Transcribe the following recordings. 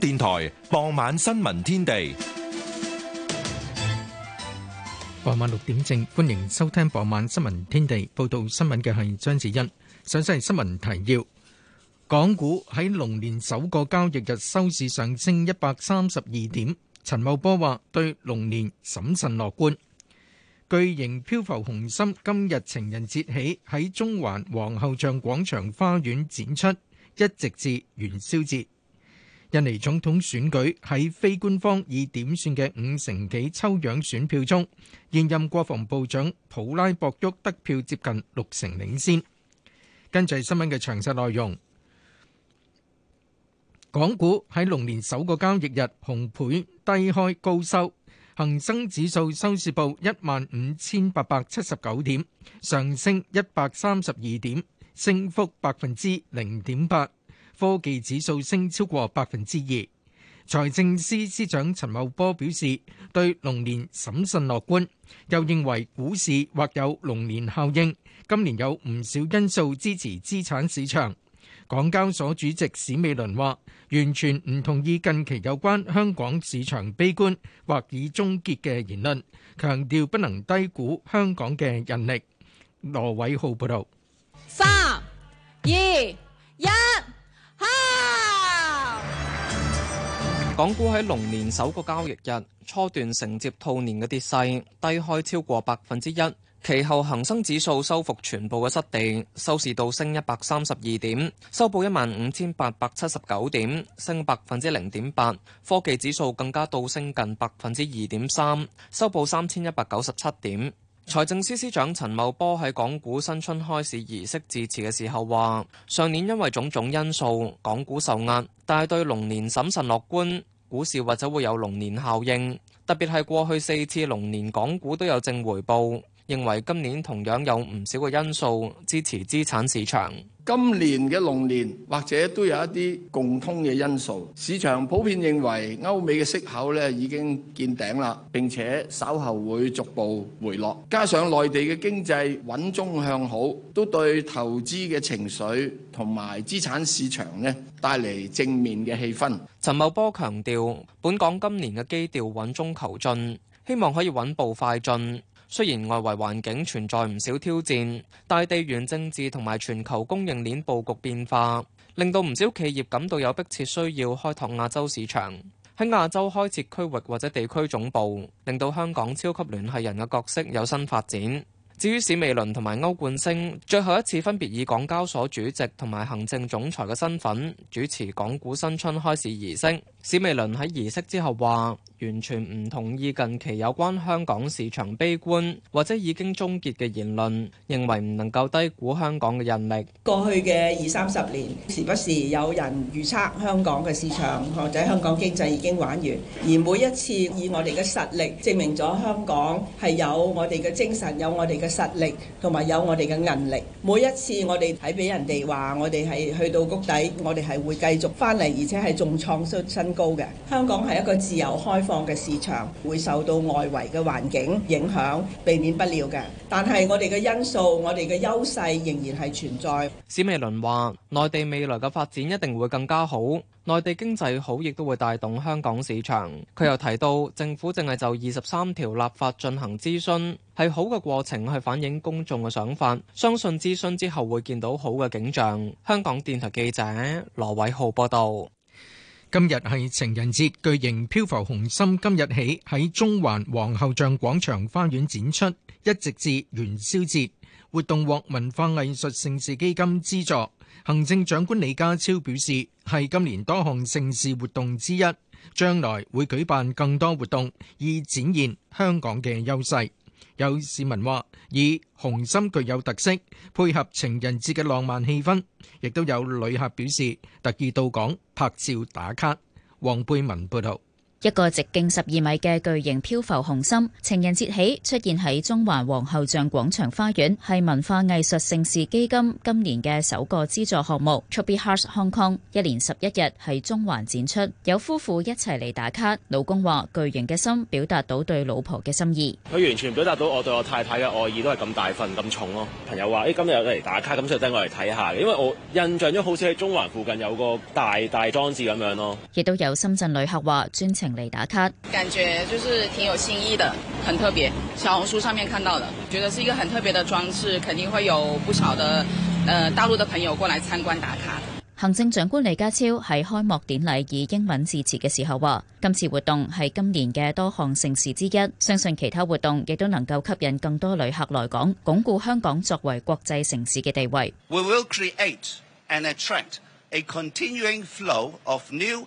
電台傍晚新聞天地，傍晚六點正，歡迎收聽傍晚新聞天地。報道新聞嘅係張子欣。首先係新聞提要：港股喺龍年首個交易日收市上升一百三十二點。陳茂波話對龍年審慎樂觀。巨型漂浮紅心今日情人節起喺中環皇后像廣場花園展出，一直至元宵節。印尼總統選舉喺非官方以點算嘅五成幾抽樣選票中，現任國防部長普拉博沃得票接近六成領先。跟住新聞嘅詳細內容，港股喺龍年首個交易日紅盤低開高收，恆生指數收市報一萬五千八百七十九點，上升一百三十二點，升幅百分之零點八。科技指數升超過百分之二，財政司司長陳茂波表示對龍年審慎樂觀，又認為股市或有龍年效應。今年有唔少因素支持資產市場。港交所主席史美倫話：完全唔同意近期有關香港市場悲觀或已終結嘅言論，強調不能低估香港嘅人力。羅偉浩報道。三二一。港股喺龍年首個交易日，初段承接兔年嘅跌勢，低開超過百分之一。其後恒生指數收復全部嘅失地，收市倒升一百三十二點，收報一萬五千八百七十九點，升百分之零點八。科技指數更加倒升近百分之二點三，收報三千一百九十七點。財政司司長陳茂波喺港股新春開市儀式致辭嘅時候話：上年因為種種因素，港股受壓，但係對龍年審慎樂觀，股市或者會有龍年效應，特別係過去四次龍年港股都有正回報。認為今年同樣有唔少嘅因素支持資產市場。今年嘅龍年或者都有一啲共通嘅因素。市場普遍認為歐美嘅息口咧已經見頂啦，並且稍後會逐步回落。加上內地嘅經濟穩中向好，都對投資嘅情緒同埋資產市場呢帶嚟正面嘅氣氛。陳茂波強調，本港今年嘅基調穩中求進，希望可以穩步快進。雖然外圍環境存在唔少挑戰，大地緣政治同埋全球供應鏈佈局變化，令到唔少企業感到有迫切需要開拓亞洲市場。喺亞洲開設區域或者地區總部，令到香港超級聯繫人嘅角色有新發展。至於史美倫同埋歐冠昇，最後一次分別以港交所主席同埋行政總裁嘅身份主持港股新春開市儀式。史美倫喺儀式之後話：完全唔同意近期有關香港市場悲觀或者已經終結嘅言論，認為唔能夠低估香港嘅韌力。過去嘅二三十年，時不時有人預測香港嘅市場或者香港經濟已經玩完，而每一次以我哋嘅實力證明咗香港係有我哋嘅精神、有我哋嘅實力同埋有我哋嘅韌力。每一次我哋睇俾人哋話我哋係去到谷底，我哋係會繼續翻嚟，而且係重創出新。高嘅香港係一個自由開放嘅市場，會受到外圍嘅環境影響，避免不了嘅。但係我哋嘅因素，我哋嘅優勢仍然係存在。史美倫話：內地未來嘅發展一定會更加好，內地經濟好，亦都會帶動香港市場。佢又提到，政府淨係就二十三條立法進行諮詢，係好嘅過程去反映公眾嘅想法。相信諮詢之後會見到好嘅景象。香港電台記者羅偉浩報道。今日係情人節，巨型漂浮紅心今日起喺中環皇后像廣場花園展出，一直至元宵節。活動獲文化藝術盛事基金資助。行政長官李家超表示，係今年多項盛事活動之一，將來會舉辦更多活動，以展現香港嘅優勢。有市民話：以紅心具有特色，配合情人節嘅浪漫氣氛，亦都有旅客表示特意到港拍照打卡。黃貝文報導。一個直徑十二米嘅巨型漂浮紅心，情人節起出現喺中環皇后像廣場花園，係文化藝術盛事基金今年嘅首個資助項目。Chubby Hearts Hong Kong 一連十一日喺中環展出，有夫婦一齊嚟打卡。老公話巨型嘅心表達到對老婆嘅心意，佢完全表達到我對我太太嘅愛意都係咁大份咁重咯。朋友話：誒、哎、今日有嚟打卡，咁就等我嚟睇下，因為我印象中好似喺中環附近有個大大裝置咁樣咯。亦都有深圳旅客話專程，嚟打卡，感覺就是挺有新意的，很特別。小紅書上面看到的，覺得是一個很特別的裝置，肯定會有不少的，呃，大陸的朋友過來參觀打卡。行政長官李家超喺開幕典禮以英文致辭嘅時候話，今次活動係今年嘅多項盛事之一，相信其他活動亦都能夠吸引更多旅客來港，鞏固香港作為國際城市嘅地位。We will create and attract a continuing flow of new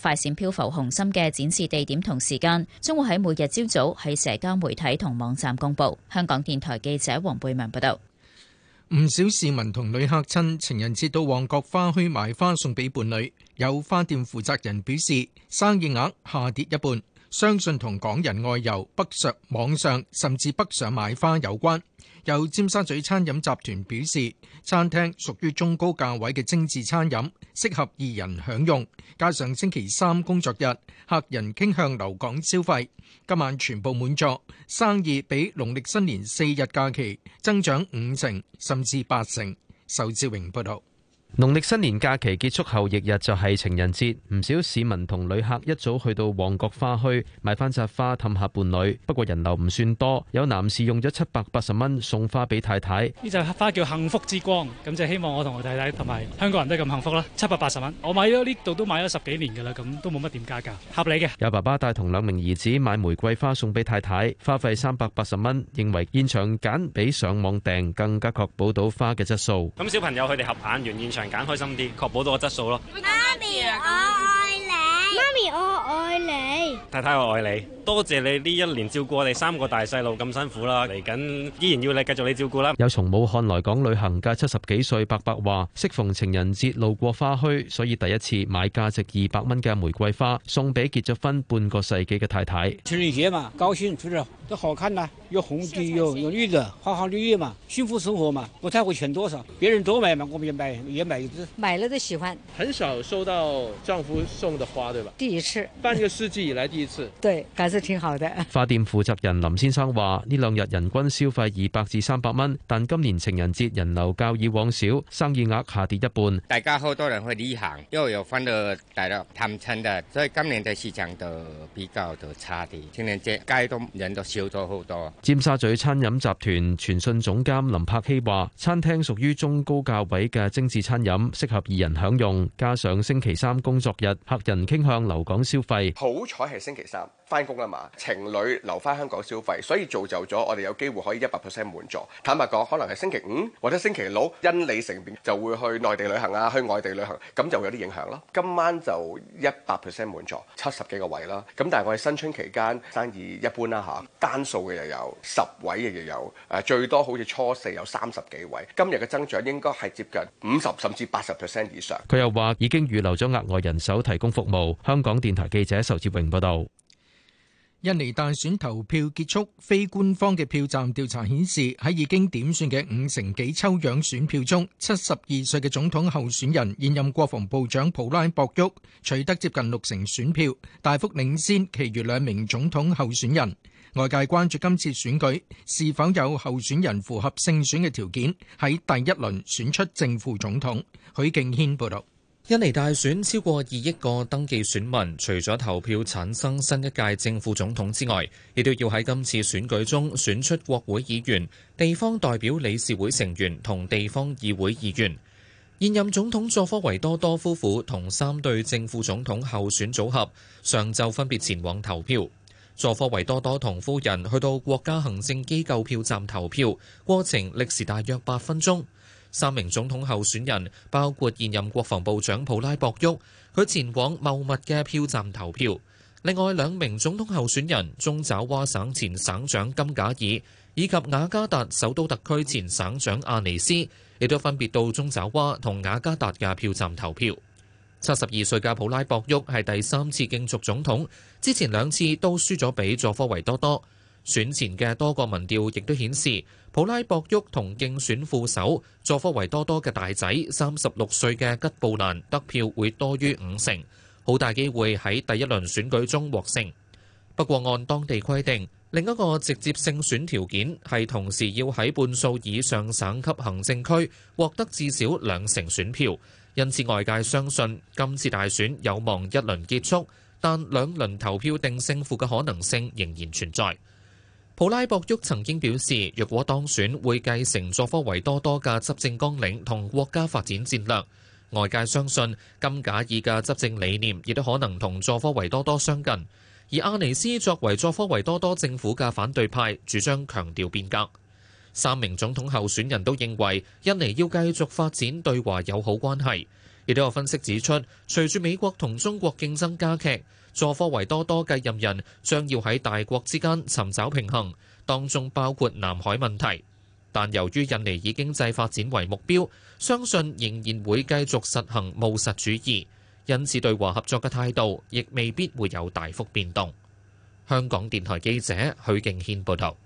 快閃漂浮紅心嘅展示地點同時間，將會喺每日朝早喺社交媒體同網站公布。香港電台記者黃貝文報道。唔少市民同旅客趁情人節到旺角花墟買花送俾伴侶。有花店負責人表示，生意額下跌一半，相信同港人外遊、北上、網上甚至北上買花有關。有尖沙咀餐飲集團表示，餐廳屬於中高價位嘅精緻餐飲，適合二人享用。加上星期三工作日，客人傾向留港消費，今晚全部滿座，生意比農曆新年四日假期增長五成甚至八成。仇志榮報道。農曆新年假期結束後翌日就係情人節，唔少市民同旅客一早去到旺角花墟買翻紮花氹下伴侶。不過人流唔算多，有男士用咗七百八十蚊送花俾太太。呢扎花叫幸福之光，咁就希望我同我太太同埋香港人都咁幸福啦。七百八十蚊，我買咗呢度都買咗十幾年噶啦，咁都冇乜點加價，合理嘅。有爸爸帶同兩名兒子買玫瑰花送俾太太，花費三百八十蚊，認為現場揀比上網訂更加確保到花嘅質素。咁小朋友佢哋合眼。完現場。揀開心啲，確保到個質素咯。我愛你，太太，我愛你，多謝你呢一年照顧我哋三個大細路咁辛苦啦，嚟緊依然要你繼續你照顧啦。有從武漢來港旅行嘅七十幾歲伯伯話，適逢情人節路過花墟，所以第一次買價值二百蚊嘅玫瑰花送俾結咗婚半個世紀嘅太太。情人節嘛，高興，都好看啊，有紅的，有綠的有綠的花花綠葉嘛，幸福生活嘛。我睇會選多少，別人多買嘛，我也買，也買一支，買了就喜歡。很少收到丈夫送的花，對吧？第一次，半個世紀以來第一次，對，還是挺好的。花店負責人林先生話，呢兩日人均消費二百至三百蚊，但今年情人節人流較以往少，生意額下跌一半。大家好多人去旅行，因為又翻到大陸探親嘅，所以今年嘅市場就比較就差啲。情人節街都人都少咗好多。尖沙咀餐飲集團傳訊總監林柏希話，餐廳屬於中高價位嘅精致餐飲，適合二人享用。加上星期三工作日，客人傾向留港消費，好彩係星期三翻工啊嘛，情侶留翻香港消費，所以造就咗我哋有機會可以一百 percent 滿座。坦白講，可能係星期五或者星期六，因利乘便就會去內地旅行啊，去外地旅行，咁就有啲影響咯。今晚就一百 percent 滿座，七十幾個位啦。咁但係我哋新春期間生意一般啦吓，單數嘅又有十位，亦又有誒最多好似初四有三十幾位。今日嘅增長應該係接近五十甚至八十 percent 以上。佢又話已經預留咗額外人手提供服務，香。港電台記者仇志榮報道：印尼大選投票結束，非官方嘅票站調查顯示，喺已經點算嘅五成幾抽樣選票中，七十二歲嘅總統候選人、現任國防部長普拉博沃取得接近六成選票，大幅領先其餘兩名總統候選人。外界關注今次選舉是否有候選人符合勝選嘅條件，喺第一輪選出正副總統。許敬軒報道。印尼大選超過二億個登記選民，除咗投票產生新一屆正副總統之外，亦都要喺今次選舉中選出國會議員、地方代表理事會成員同地方議會議員。現任總統佐科維多多夫婦同三對正副總統候選組合，上晝分別前往投票。佐科維多多同夫人去到國家行政機構票站投票，過程歷時大約八分鐘。三名總統候選人，包括現任國防部長普拉博沃，佢前往茂密嘅票站投票。另外兩名總統候選人，中爪哇省前省長金賈爾以及雅加達首都特區前省長阿尼斯，亦都分別到中爪哇同雅加達嘅票站投票。七十二歲嘅普拉博沃係第三次競逐總統，之前兩次都輸咗畀佐科維多多。選前嘅多個民調亦都顯示，普拉博沃同競選副手佐科維多多嘅大仔三十六歲嘅吉布蘭得票會多於五成，好大機會喺第一輪選舉中獲勝。不過，按當地規定，另一個直接勝選條件係同時要喺半數以上省級行政區獲得至少兩成選票，因此外界相信今次大選有望一輪結束，但兩輪投票定勝負嘅可能性仍然存在。普拉博沃曾經表示，若果當選，會繼承佐科維多多嘅執政綱領同國家發展戰略。外界相信金賈爾嘅執政理念亦都可能同佐科維多多相近。而阿尼斯作為佐科維多多政府嘅反對派，主張強調變革。三名總統候選人都認為印尼要繼續發展對華友好關係。亦都有分析指出，隨住美國同中國競爭加劇。佐科維多多繼任人將要喺大國之間尋找平衡，當中包括南海問題。但由於印尼以經濟發展為目標，相信仍然會繼續實行務實主義，因此對華合作嘅態度亦未必會有大幅變動。香港電台記者許敬軒報道。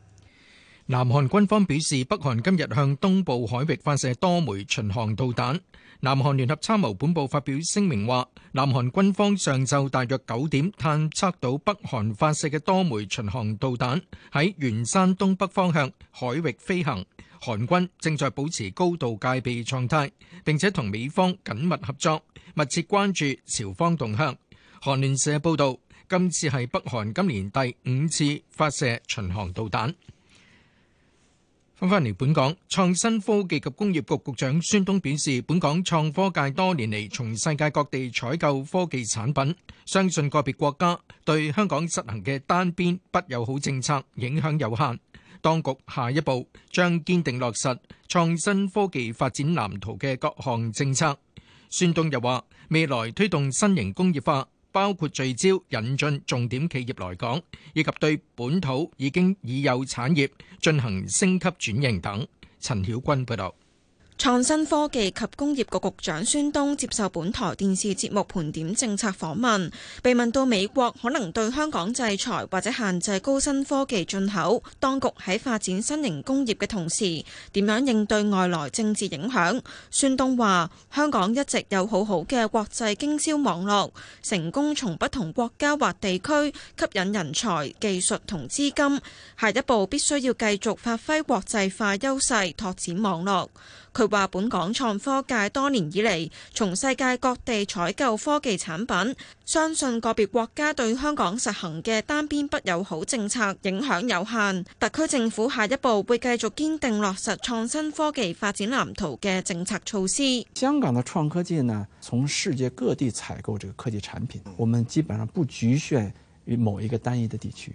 南韓軍方表示，北韓今日向東部海域發射多枚巡航導彈。南韓聯合參謀本部發表聲明話，南韓軍方上晝大約九點探測到北韓發射嘅多枚巡航導彈喺元山東北方向海域飛行，韓軍正在保持高度戒備狀態，並且同美方緊密合作，密切關注朝方動向。韓聯社報道，今次係北韓今年第五次發射巡航導彈。翻返嚟本港，創新科技及工業局局長孫東表示，本港創科界多年嚟從世界各地採購科技產品，相信個別國家對香港執行嘅單邊不友好政策影響有限。當局下一步將堅定落實創新科技發展藍圖嘅各項政策。孫東又話，未來推動新型工業化。包括聚焦引進重點企業來港，以及對本土已經已有產業進行升級轉型等。陳曉君報道。創新科技及工業局局長孫東接受本台電視節目盤點政策訪問，被問到美國可能對香港制裁或者限制高新科技進口，當局喺發展新型工業嘅同時，點樣應對外來政治影響？孫東話：香港一直有好好嘅國際經銷網絡，成功從不同國家或地區吸引人才、技術同資金。下一步必須要繼續發揮國際化優勢，拓展網絡。佢話：本港創科界多年以嚟，從世界各地採購科技產品，相信個別國家對香港實行嘅單邊不友好政策影響有限。特區政府下一步會繼續堅定落實創新科技發展藍圖嘅政策措施。香港嘅創科技呢，從世界各地採購這個科技產品，我們基本上不局限於某一個單一的地區。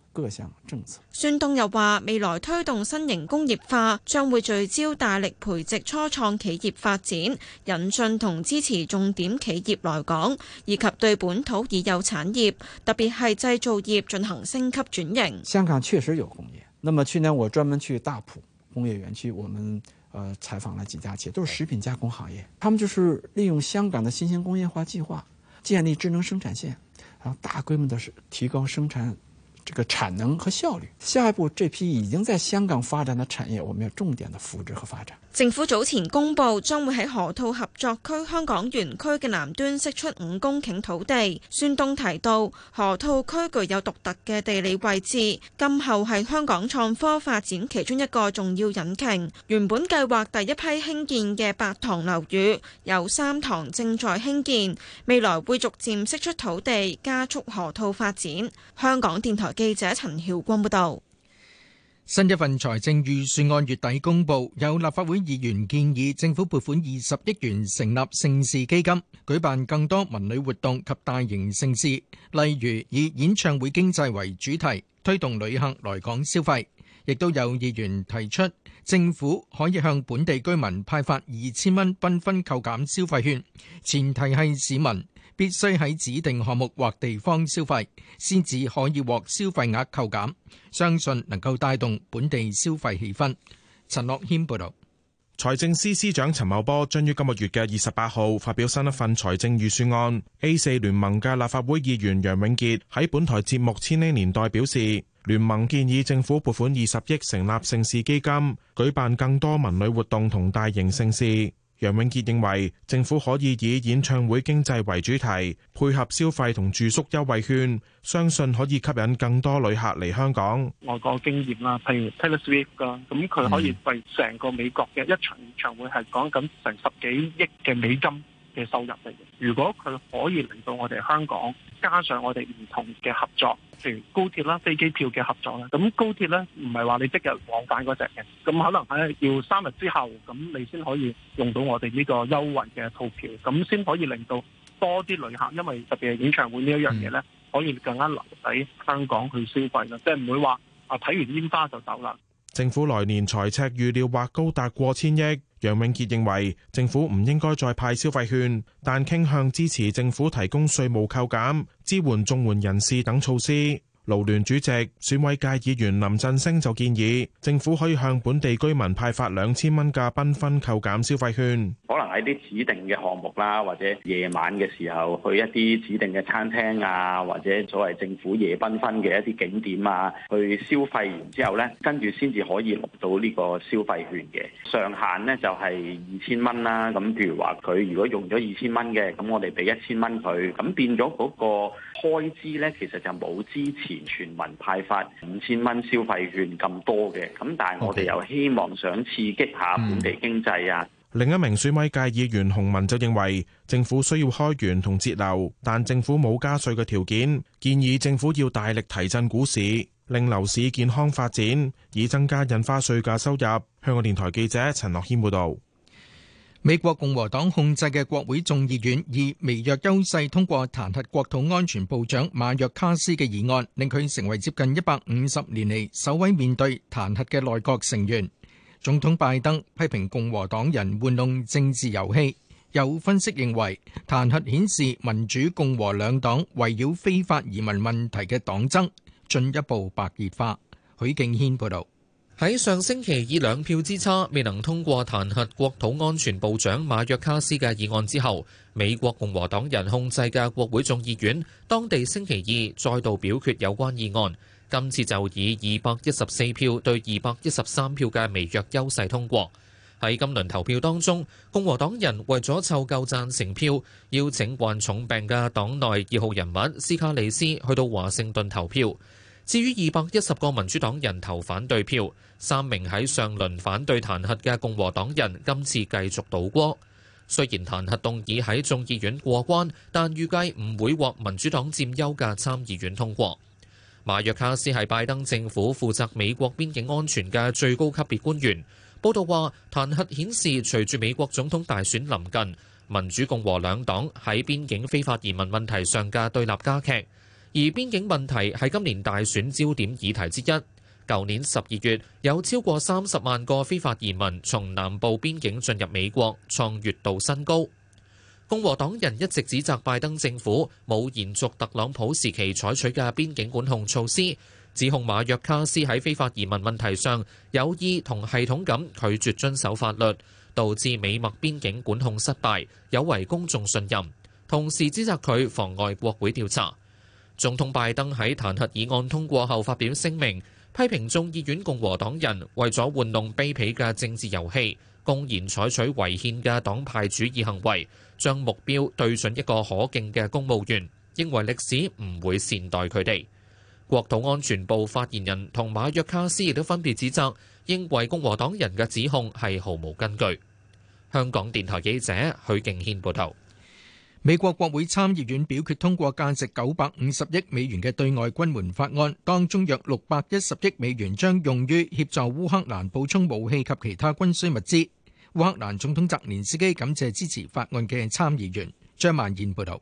各項政策，孫東又話：未來推動新型工業化，將會聚焦大力培植初創企業發展，引進同支持重點企業來港，以及對本土已有產業，特別係製造業進行升級轉型。香港確實有工業，那麼去年我專門去大埔工業園區，我們呃採訪了幾家企業，都是食品加工行業，他們就是利用香港的新型工業化計劃，建立智能生產線，然後大規模的提高生產。這個產能和效率，下一步這批已經在香港發展的產業，我們要重點的扶持和發展。政府早前公布，將會喺河套合作區香港園區嘅南端釋出五公頃土地。孫東提到，河套區具有獨特嘅地理位置，今後係香港創科發展其中一個重要引擎。原本計劃第一批興建嘅八塘樓宇，有三塘正在興建，未來會逐漸釋出土地，加速河套發展。香港電台記者陳曉光報道。新一份財政預算案月底公布，有立法會議員建議政府撥款二十億元成立盛事基金，舉辦更多文旅活動及大型盛事，例如以演唱會經濟為主題，推動旅客來港消費。亦都有議員提出，政府可以向本地居民派發二千蚊繽紛扣減消費券，前提係市民。必須喺指定項目或地方消費，先至可以獲消費額扣減。相信能夠帶動本地消費氣氛。陳樂軒報導。財政司司長陳茂波將於今個月嘅二十八號發表新一份財政預算案。A 四聯盟嘅立法會議員楊永傑喺本台節目《千禧年代》表示，聯盟建議政府撥款二十億成立盛事基金，舉辦更多文旅活動同大型盛事。楊永傑認為政府可以以演唱會經濟為主題，配合消費同住宿優惠券，相信可以吸引更多旅客嚟香港。外國經驗啊，譬如 Taylor Swift 啦，咁佢可以為成個美國嘅一場演唱會係講緊成十幾億嘅美金。嘅收入嚟嘅，如果佢可以令到我哋香港加上我哋唔同嘅合作，譬如高鐵啦、飛機票嘅合作啦，咁高鐵咧唔係話你即日往返嗰隻嘅，咁可能喺要三日之後，咁你先可以用到我哋呢個優惠嘅套票，咁先可以令到多啲旅客，因為特別係演唱會呢一樣嘢咧，可以更加留喺香港去消費啦，即係唔會話啊睇完煙花就走啦。政府來年財赤預料或高達過千億，楊永杰認為政府唔應該再派消費券，但傾向支持政府提供稅務扣減、支援綜援人士等措施。勞聯主席、選委界議員林振升就建議，政府可以向本地居民派發兩千蚊嘅繽紛扣減消費券，可能喺啲指定嘅項目啦，或者夜晚嘅時候去一啲指定嘅餐廳啊，或者所謂政府夜繽紛嘅一啲景點啊，去消費完之後咧，跟住先至可以攞到呢個消費券嘅上限咧，就係二千蚊啦。咁譬如話佢如果用咗二千蚊嘅，咁我哋俾一千蚊佢，咁變咗嗰、嗰個。開支呢，其實就冇之前全民派發五千蚊消費券咁多嘅。咁但係我哋又希望想刺激下本地經濟啊、okay. 嗯。另一名選委界議員洪文就認為政府需要開源同節流，但政府冇加稅嘅條件，建議政府要大力提振股市，令樓市健康發展，以增加印花稅嘅收入。香港電台記者陳樂軒報導。美國共和黨控制嘅國會眾議院以微弱優勢通過彈劾國土安全部長馬約卡斯嘅議案，令佢成為接近一百五十年嚟，首位面對彈劾嘅內閣成員。總統拜登批評共和黨人玩弄政治遊戲。有分析認為，彈劾顯示民主共和兩黨圍繞非法移民問題嘅黨爭進一步白熱化。許敬軒報道。喺上星期以兩票之差未能通過彈劾國土安全部長馬約卡斯嘅議案之後，美國共和黨人控制嘅國會眾議院，當地星期二再度表決有關議案，今次就以二百一十四票對二百一十三票嘅微弱優勢通過。喺今輪投票當中，共和黨人為咗湊夠贊成票，邀請患重病嘅黨內二號人物斯卡利斯去到華盛頓投票。至於二百一十個民主黨人投反對票，三名喺上輪反對彈劾嘅共和黨人今次繼續倒戈。雖然彈劾動議喺眾議院過關，但預計唔會獲民主黨佔優嘅參議院通過。馬約卡斯係拜登政府負責美國邊境安全嘅最高級別官員。報道話，彈劾顯示隨住美國總統大選臨近，民主共和兩黨喺邊境非法移民問題上嘅對立加劇。而邊境問題係今年大選焦點議題之一。舊年十二月，有超過三十萬個非法移民從南部邊境進入美國，創月度新高。共和黨人一直指責拜登政府冇延續特朗普時期採取嘅邊境管控措施，指控馬約卡斯喺非法移民問題上有意同系統咁拒絕遵守法律，導致美墨邊境管控失敗，有違公眾信任。同時指責佢妨礙國會調查。總統拜登喺彈劾議案通過後發表聲明，批評眾議院共和黨人為咗玩弄卑鄙嘅政治遊戲，公然採取違憲嘅黨派主義行為，將目標對準一個可敬嘅公務員，認為歷史唔會善待佢哋。國土安全部發言人同馬約卡斯亦都分別指責，認為共和黨人嘅指控係毫無根據。香港電台記者許敬軒報道。.美國國會參議院表決通過價值九百五十億美元嘅對外軍援法案，當中約六百一十億美元將用於協助烏克蘭補充武器及其他軍需物資。烏克蘭總統澤連斯基感謝支持法案嘅參議員。張萬賢報道。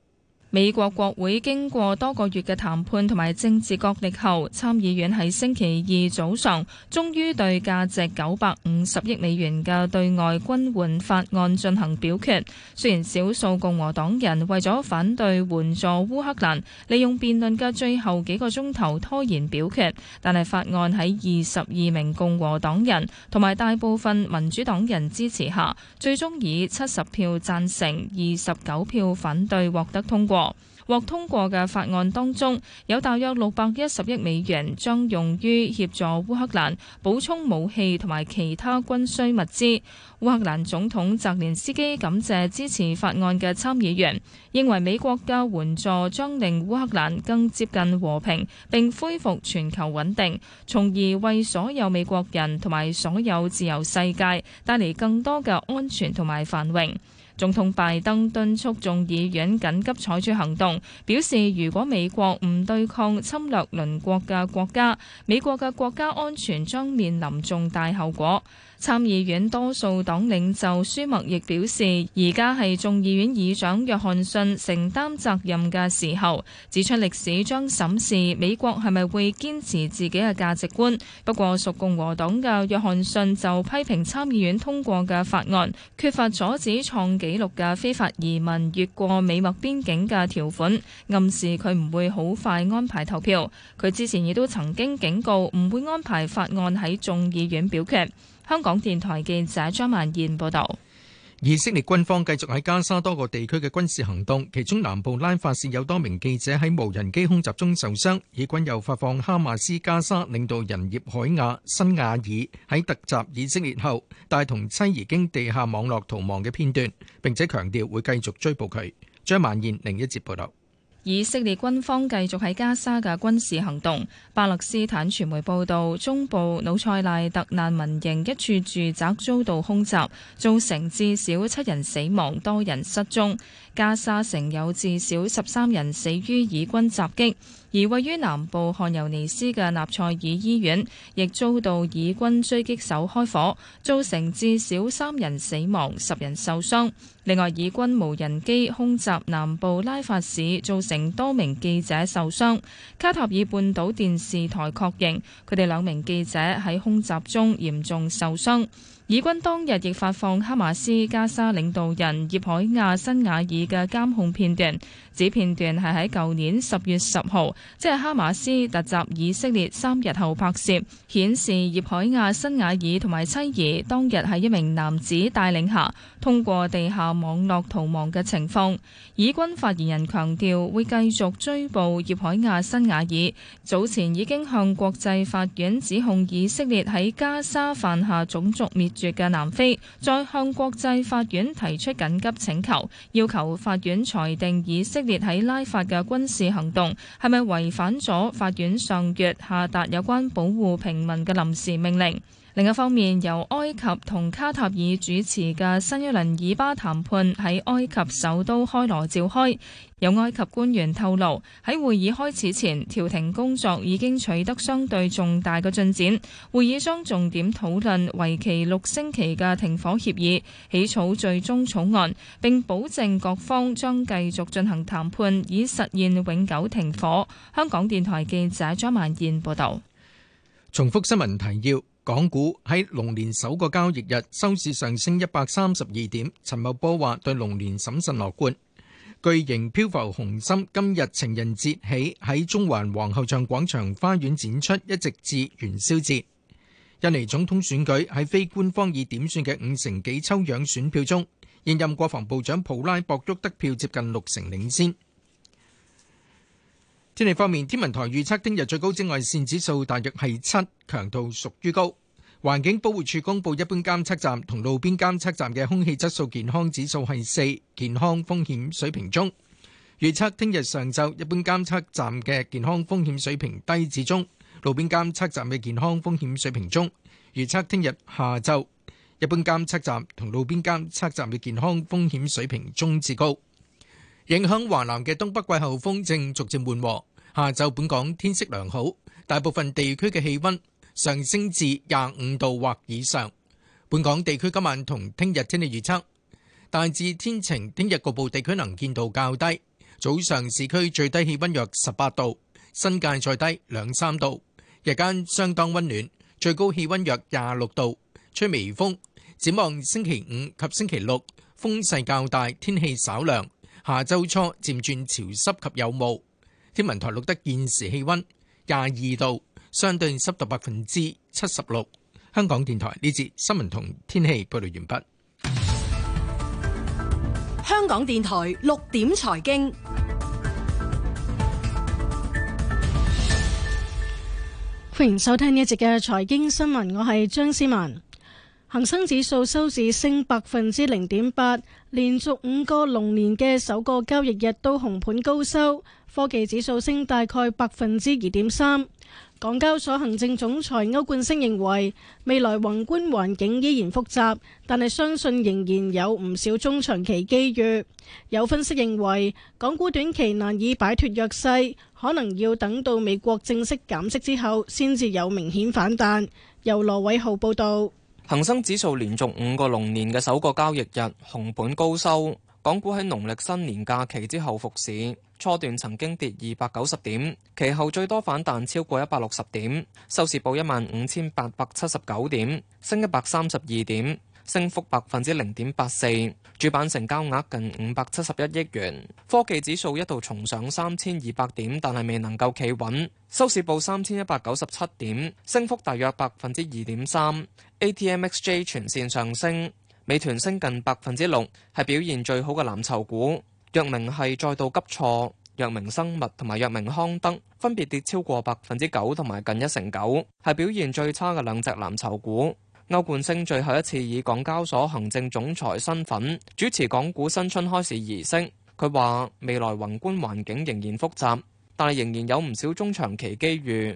美國國會經過多個月嘅談判同埋政治角力後，參議院喺星期二早上終於對價值950億美元嘅對外軍援法案進行表決。雖然少數共和黨人為咗反對援助烏克蘭，利用辯論嘅最後幾個鐘頭拖延表決，但係法案喺22名共和黨人同埋大部分民主黨人支持下，最終以70票贊成、29票反對獲得通過。獲通過嘅法案當中，有大約六百一十億美元將用於協助烏克蘭補充武器同埋其他軍需物資。烏克蘭總統澤連斯基感謝支持法案嘅參議員，認為美國嘅援助將令烏克蘭更接近和平，並恢復全球穩定，從而為所有美國人同埋所有自由世界帶嚟更多嘅安全同埋繁榮。總統拜登敦促眾議院緊急採取行動，表示如果美國唔對抗侵略鄰國嘅國家，美國嘅國家安全將面臨重大後果。參議院多數黨領袖舒默亦表示，而家係眾議院議長約翰遜承擔責任嘅時候，指出歷史將審視美國係咪會堅持自己嘅價值觀。不過，屬共和黨嘅約翰遜就批評參議院通過嘅法案缺乏阻止創紀錄嘅非法移民越過美墨邊境嘅條款，暗示佢唔會好快安排投票。佢之前亦都曾經警告唔會安排法案喺眾議院表決。香港電台記者張萬燕報道：以色列軍方繼續喺加沙多個地區嘅軍事行動，其中南部拉法市有多名記者喺無人機空襲中受傷。以軍又發放哈馬斯加沙領導人葉海亞·辛瓦爾喺突襲以色列後，帶同妻兒經地下網絡逃亡嘅片段，並且強調會繼續追捕佢。張萬燕另一節報道。以色列軍方繼續喺加沙嘅軍事行動。巴勒斯坦傳媒報道，中部努塞賴特難民營一處住宅遭到空襲，造成至少七人死亡，多人失蹤。加沙城有至少十三人死於以軍襲擊，而位於南部漢尤尼斯嘅納賽爾醫院亦遭到以軍狙擊手開火，造成至少三人死亡、十人受傷。另外，以軍無人機空襲南部拉法市，造成多名記者受傷。卡塔爾半島電視台確認，佢哋兩名記者喺空襲中嚴重受傷。以軍當日亦發放哈馬斯加沙領導人葉海亞·辛瓦爾嘅監控片段，指片段係喺舊年十月十號，即係哈馬斯突襲以色列三日後拍攝，顯示葉海亞·辛瓦爾同埋妻兒當日喺一名男子帶領下，通過地下網絡逃亡嘅情況。以軍發言人強調會繼續追捕葉海亞·辛瓦爾，早前已經向國際法院指控以色列喺加沙犯下種族滅住嘅南非再向國際法院提出緊急請求，要求法院裁定以色列喺拉法嘅軍事行動係咪違反咗法院上月下達有關保護平民嘅臨時命令。另一方面，由埃及同卡塔爾主持嘅新一輪以巴談判喺埃及首都開羅召開。有埃及官員透露，喺會議開始前，調停工作已經取得相對重大嘅進展。會議將重點討論為期六星期嘅停火協議，起草最終草案，並保證各方將繼續進行談判，以實現永久停火。香港電台記者張萬燕報道。重複新聞提要：港股喺龍年首個交易日收市上升一百三十二點，陳茂波話對龍年審慎樂觀。巨型漂浮紅心今日情人節起喺中環皇后像廣場花園展出，一直至元宵節。印尼總統選舉喺非官方以點算嘅五成幾抽樣選票中，現任國防部長普拉博沃得票接近六成領先。天氣方面，天文台預測聽日最高紫外線指數大約係七，強度屬於高。環境保護署公布一般監測站同路邊監測站嘅空氣質素健康指數係四，健康風險水平中。預測聽日上晝一般監測站嘅健康風險水平低至中，路邊監測站嘅健康風險水平中。預測聽日下晝一般監測站同路邊監測站嘅健康風險水平中至高。影響華南嘅東北季候風正逐漸緩和，下晝本港天色良好，大部分地區嘅氣温。上升至廿五度或以上。本港地區今晚同聽日天氣預測，大致天晴，聽日局部地區能見度較低。早上市區最低氣溫約十八度，新界再低兩三度。日間相當溫暖，最高氣溫約廿六度，吹微風。展望星期五及星期六風勢較大，天氣稍涼，下周初漸轉潮濕及有霧。天文台錄得現時氣溫廿二度。相對濕度百分之七十六。香港電台呢節新聞同天氣報道完畢。香港電台六點財經，歡迎收聽呢節嘅財經新聞。我係張思文。恒生指數收市升百分之零點八，連續五個龍年嘅首個交易日都紅盤高收。科技指數升大概百分之二點三。港交所行政總裁歐冠昇認為，未來宏觀環境依然複雜，但係相信仍然有唔少中長期機遇。有分析認為，港股短期難以擺脫弱勢，可能要等到美國正式減息之後，先至有明顯反彈。由羅偉浩報道，恆生指數連續五個龍年嘅首個交易日，紅本高收。港股喺農曆新年假期之後復市，初段曾經跌二百九十點，其後最多反彈超過一百六十點，收市報一萬五千八百七十九點，升一百三十二點，升幅百分之零點八四。主板成交額近五百七十一億元。科技指數一度重上三千二百點，但係未能夠企穩，收市報三千一百九十七點，升幅大約百分之二點三。ATMXJ 全線上升。美團升近百分之六，係表現最好嘅藍籌股。藥明係再度急挫，藥明生物同埋藥明康德分別跌超過百分之九同埋近一成九，係表現最差嘅兩隻藍籌股。歐冠升最後一次以港交所行政總裁身份主持港股新春開市儀式，佢話未來宏觀環境仍然複雜，但係仍然有唔少中長期機遇。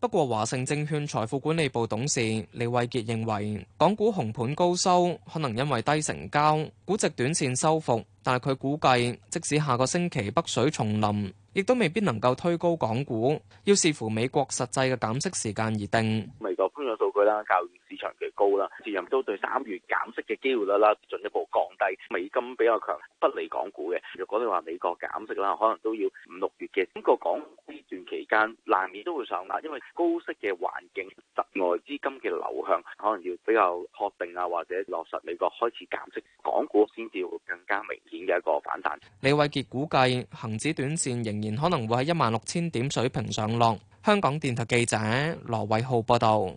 不過，華盛證券財富管理部董事李慧傑認為，港股紅盤高收，可能因為低成交，估值短線收復。但係佢估計，即使下個星期北水重臨，亦都未必能夠推高港股，要視乎美國實際嘅減息時間而定。美國經濟數據啦，較市場嘅高啦，自然都對三月減息嘅機會率啦進一步降低，美金比較強不利港股嘅。如果你話美國減息啦，可能都要五六月嘅。不過港股呢段期間難免都會上落，因為高息嘅環境、室外資金嘅流向可能要比較確定啊，或者落實美國開始減息，港股先至會更加明顯嘅一個反彈，李慧杰估計恒指短線仍然可能會喺一萬六千點水平上落。香港電台記者羅偉浩報道，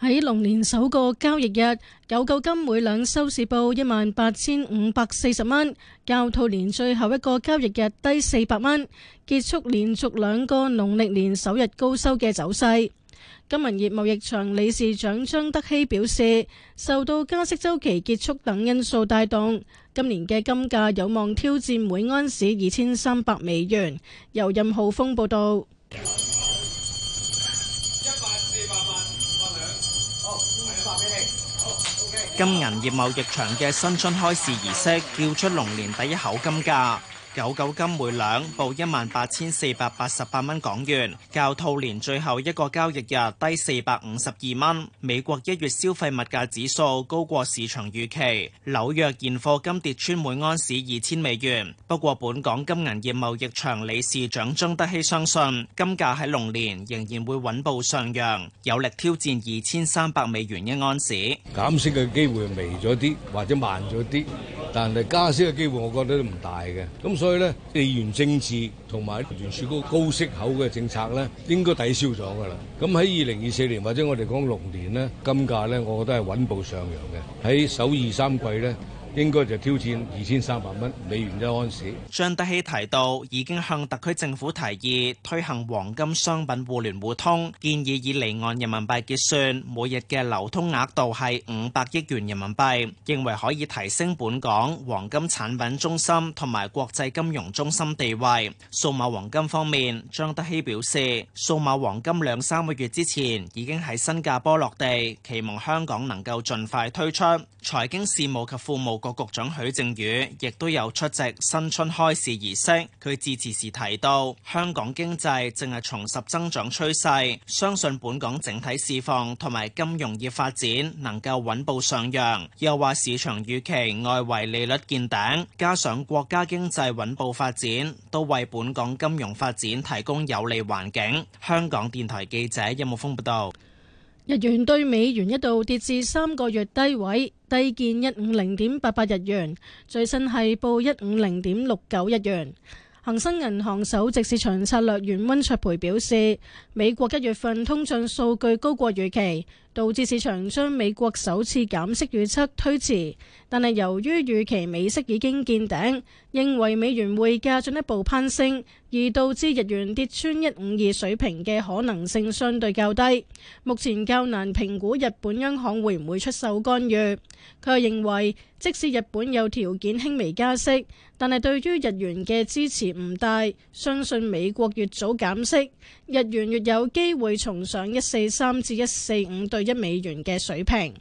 喺龍年首個交易日，九九金每兩收市報一萬八千五百四十蚊，較兔年最後一個交易日低四百蚊，結束連續兩個農曆年首日高收嘅走勢。金銀業貿易場理事長張德熙表示，受到加息周期結束等因素帶動，今年嘅金價有望挑戰每安士二千三百美元。由任浩峰報道。金銀業貿易場嘅新春開市儀式，叫出龍年第一口金價。九九金每兩報一萬八千四百八十八蚊港元，較兔年最後一個交易日低四百五十二蚊。美國一月消費物價指數高過市場預期，紐約現貨金跌穿每安士二千美元。不過，本港金銀業貿易場理事長張德熙相信，金價喺龍年仍然會穩步上揚，有力挑戰二千三百美元一安士。減息嘅機會微咗啲，或者慢咗啲，但係加息嘅機會我覺得都唔大嘅。咁所所以咧，地緣政治同埋原處個高息口嘅政策咧，應該抵消咗噶啦，咁喺二零二四年或者我哋講龍年咧，金價咧，我覺得係穩步上揚嘅，喺首二三季咧。應該就挑戰二千三百蚊美元一盎司。張德熙提到，已經向特區政府提議推行黃金商品互聯互通，建議以離岸人民幣結算，每日嘅流通額度係五百億元人民幣，認為可以提升本港黃金產品中心同埋國際金融中心地位。數碼黃金方面，張德熙表示，數碼黃金兩三個月之前已經喺新加坡落地，期望香港能夠盡快推出。財經事務及庫務局局長許正宇亦都有出席新春開市儀式，佢致辭時提到，香港經濟正係重拾增長趨勢，相信本港整體市況同埋金融業發展能夠穩步上揚。又話市場預期外圍利率見頂，加上國家經濟穩步發展，都為本港金融發展提供有利環境。香港電台記者任木峰報道。日元對美元一度跌至三個月低位，低見一五零點八八日元，最新係報一五零點六九日元。恒生銀行首席市場策略員溫卓培表示，美國一月份通脹數據高過預期，導致市場將美國首次減息預測推遲。但係由於預期美息已經見頂，認為美元匯價進一步攀升，而導致日元跌穿一五二水平嘅可能性相對較低。目前較難評估日本央行會唔會出售干預。佢又認為，即使日本有條件輕微加息，但係對於日元嘅支持唔大，相信美國越早減息，日元越有機會重上一四三至一四五對一美元嘅水平。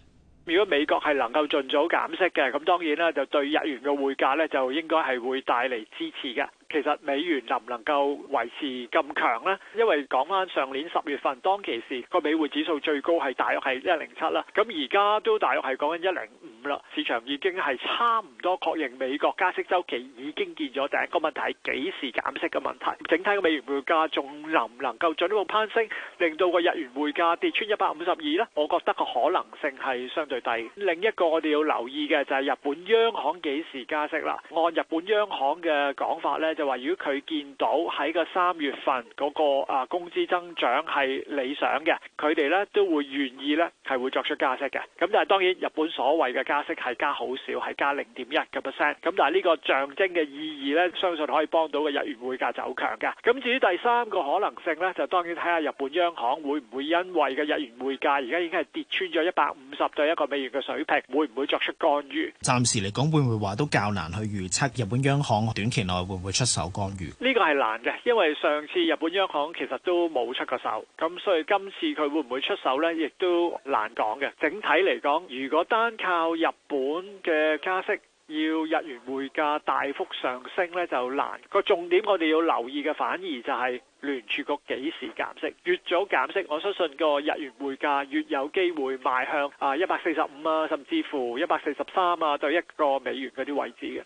如果美國係能夠盡早減息嘅，咁當然啦，就對日元嘅匯價呢，就應該係會帶嚟支持嘅。其實美元能唔能夠維持咁強呢？因為講翻上年十月份當其時個美匯指數最高係大約係一零七啦，咁而家都大約係講緊一零五啦。市場已經係差唔多確認美國加息周期已經見咗。第一個問題係幾時減息嘅問題。整體個美元匯價仲能唔能夠進一步攀升，令到個日元匯價跌穿一百五十二呢？我覺得個可能性係相對低。另一個我哋要留意嘅就係日本央行幾時加息啦？按日本央行嘅講法呢。就話如果佢見到喺個三月份嗰個啊工資增長係理想嘅，佢哋咧都會願意咧係會作出加息嘅。咁但係當然日本所謂嘅加息係加好少，係加零點一嘅 percent。咁但係呢個象徵嘅意義咧，相信可以幫到嘅日元匯價走強嘅。咁至於第三個可能性咧，就當然睇下日本央行會唔會因為嘅日元匯價而家已經係跌穿咗一百五十對一個美元嘅水平，會唔會作出干預？暫時嚟講，會唔會話都較難去預測日本央行短期內會唔會出手干預呢個係難嘅，因為上次日本央行其實都冇出過手，咁所以今次佢會唔會出手咧，亦都難講嘅。整體嚟講，如果單靠日本嘅加息，要日元匯價大幅上升咧就難，個重點我哋要留意嘅，反而就係聯儲局幾時減息，越早減息，我相信個日元匯價越有機會邁向啊一百四十五啊，甚至乎一百四十三啊，對一個美元嗰啲位置嘅。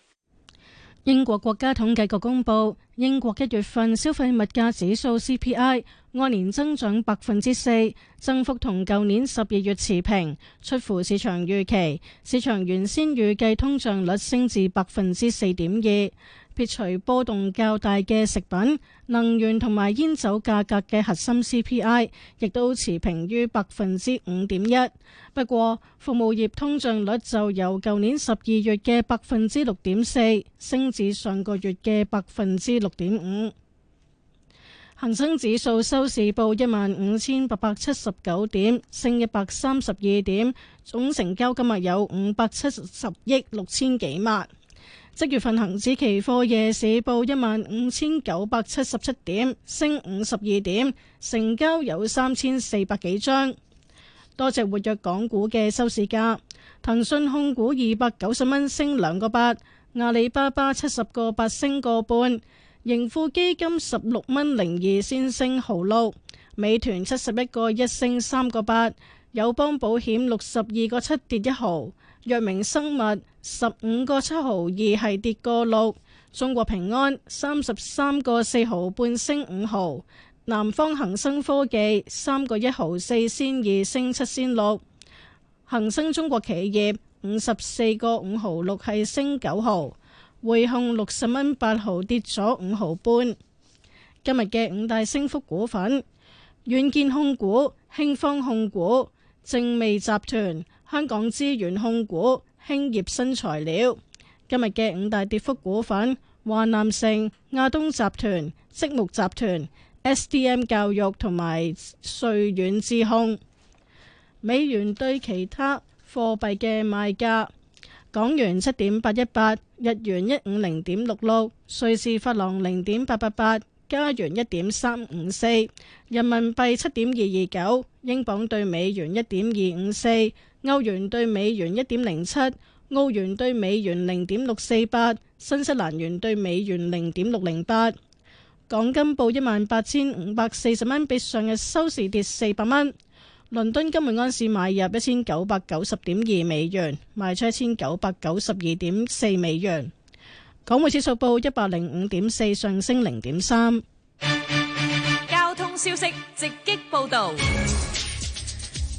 英國國家統計局公布，英國一月份消費物價指數 CPI 按年增長百分之四，增幅同舊年十二月持平，出乎市場預期。市場原先預計通脹率升至百分之四點二。撇除波動較大嘅食品、能源同埋煙酒價格嘅核心 CPI，亦都持平於百分之五點一。不過服務業通脹率就由舊年十二月嘅百分之六點四升至上個月嘅百分之六點五。恒生指數收市報一萬五千八百七十九點，升一百三十二點，總成交今日有五百七十億六千幾萬。即月份恒指期貨夜市報一萬五千九百七十七點，升五十二點，成交有三千四百幾張。多隻活躍港股嘅收市價，騰訊控股二百九十蚊升兩個八，阿里巴巴七十個八升個半，盈富基金十六蚊零二先升毫六，美團七十一個一升三個八，友邦保險六十二個七跌一毫。藥明生物十五個七毫二係跌個六，中國平安三十三個四毫半升五毫，南方恒生科技三個一毫四先二升七先六，恒生中國企業五十四個五毫六係升九毫，匯控六十蚊八毫跌咗五毫半。今日嘅五大升幅股份：軟件控股、興方控股、正味集團、香港資源控股、興業新材料，今日嘅五大跌幅股份：華南城、亞東集團、積木集團、SDM 教育同埋瑞遠之控。美元對其他貨幣嘅賣價：港元七點八一八，日元一五零點六六，瑞士法郎零點八八八。加元 la yên 1.354，人民幣7.229，英鎊對美元1.254，歐元對美元1.07，澳元對美元0.648，新西蘭元對美元0.608。港金報18,540蚊，比上日收市跌400蚊。倫敦金每盎司買入1,990.2美元，賣出1,992.4美元。港匯指數報一百零五點四，上升零點三。交通消息直擊報道，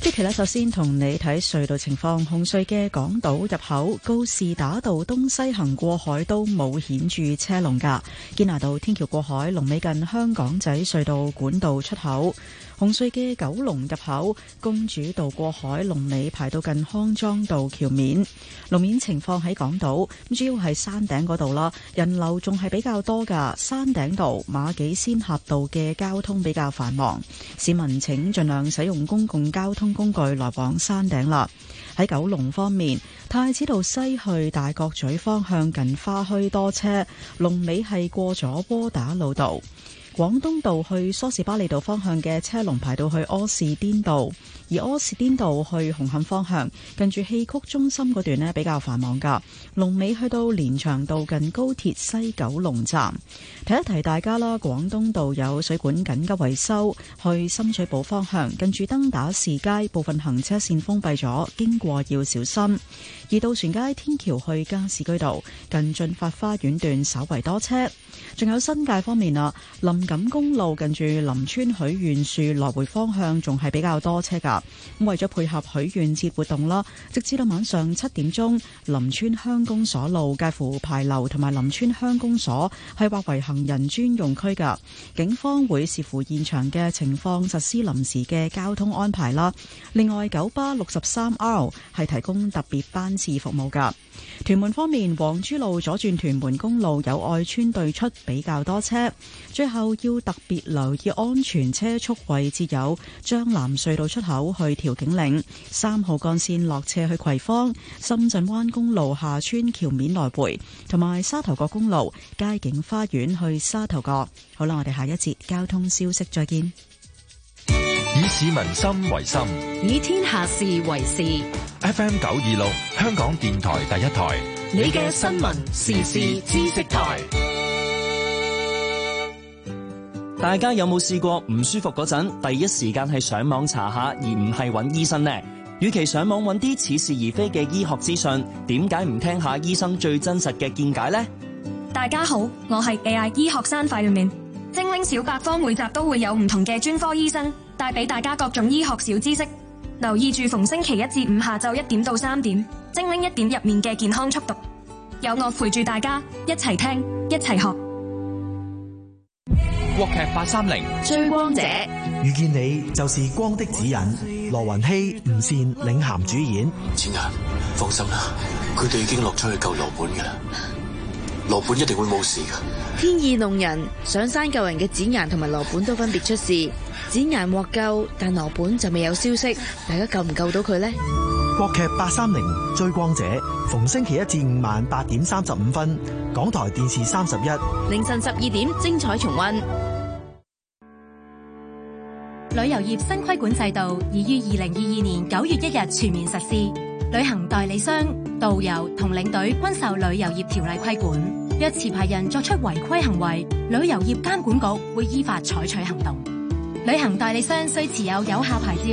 即期呢，首先同你睇隧道情況。紅隧嘅港島入口、高士打道東西行過海都冇顯著車龍噶。堅拿道天橋過海、龍尾近香港仔隧道管道出口。紅隧嘅九龍入口、公主道過海龍尾排到近康莊道橋面，路面情況喺港島，主要係山頂嗰度啦，人流仲係比較多噶。山頂道、馬己仙峽道嘅交通比較繁忙，市民請盡量使用公共交通工具來往山頂啦。喺九龍方面，太子道西去大角咀方向近花墟多車，龍尾係過咗窩打老道。廣東道去梳士巴利道方向嘅車龍排到去柯士甸道。而柯士甸道去紅磡方向，近住戲曲中心嗰段咧比較繁忙噶。龍尾去到連翔道近高鐵西九龍站。提一提大家啦，廣東道有水管緊急維修，去深水埗方向，近住登打士街部分行車線封閉咗，經過要小心。而渡船街天橋去加士居道，近駿發花園段稍為多車，仲有新界方面啊，林錦公路近住林村許願樹來回方向仲係比較多車噶。為咗配合許願節活動啦，直至到晚上七點鐘，林村鄉公所路介乎牌樓同埋林村鄉公所係劃為行人專用區噶。警方會視乎現場嘅情況實施臨時嘅交通安排啦。另外，九巴六十三 R 係提供特別班次服務噶。屯門方面，黃珠路左轉屯門公路有外村對出，比較多車。最後要特別留意安全車速位置有將南隧道出口。好去調景嶺，三號幹線落車去葵芳，深圳灣公路下村橋面來回，同埋沙頭角公路街景花園去沙頭角。好啦，我哋下一節交通消息再見。以市民心為心，以天下事為事。FM 九二六，香港電台第一台，你嘅新聞時事知識台。大家有冇試過唔舒服嗰陣，第一時間係上網查下，而唔係揾醫生呢？與其上網揾啲似是而非嘅醫學資訊，點解唔聽下醫生最真實嘅見解呢？大家好，我係 AI 醫學生快入面，精靈小百科每集都會有唔同嘅專科醫生帶俾大家各種醫學小知識。留意住逢星期一至五下晝一點到三點，精靈一點入面嘅健康速讀，有我陪住大家一齊聽，一齊學。 國劇八三零《追光者》遇見你就是光的指引，羅雲熙、吳倩領銜主演。展顏，放心啦，佢哋已經落出去救羅本噶啦，羅本一定會冇事噶。天意弄人，上山救人嘅展顏同埋羅本都分別出事，展顏獲救，但羅本就未有消息。大家救唔救到佢呢？國劇八三零追光者，逢星期一至五晚八點三十五分，港台電視三十一凌晨十二點精彩重溫。旅遊業新規管制度已於二零二二年九月一日全面實施，旅行代理商、導遊同領隊均受旅遊業條例規管。若持牌人作出違規行為，旅遊業監管局會依法採取行動。旅行代理商需持有有效牌照，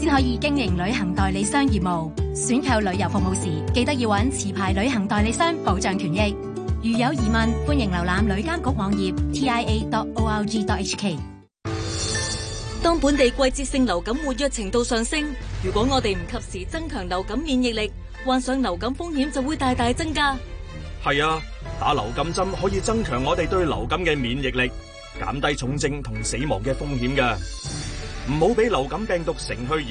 先可以經營旅行代理商業務。選購旅遊服務時，記得要揾持牌旅行代理商保障權益。如有疑問，歡迎瀏覽旅監局網頁 tia.org.hk。TIA 當本地季節性流感活躍程度上升，如果我哋唔及時增強流感免疫力，患上流感風險就會大大增加。係啊，打流感針可以增強我哋對流感嘅免疫力，減低重症同死亡嘅風險嘅。唔好俾流感病毒乘虛而入。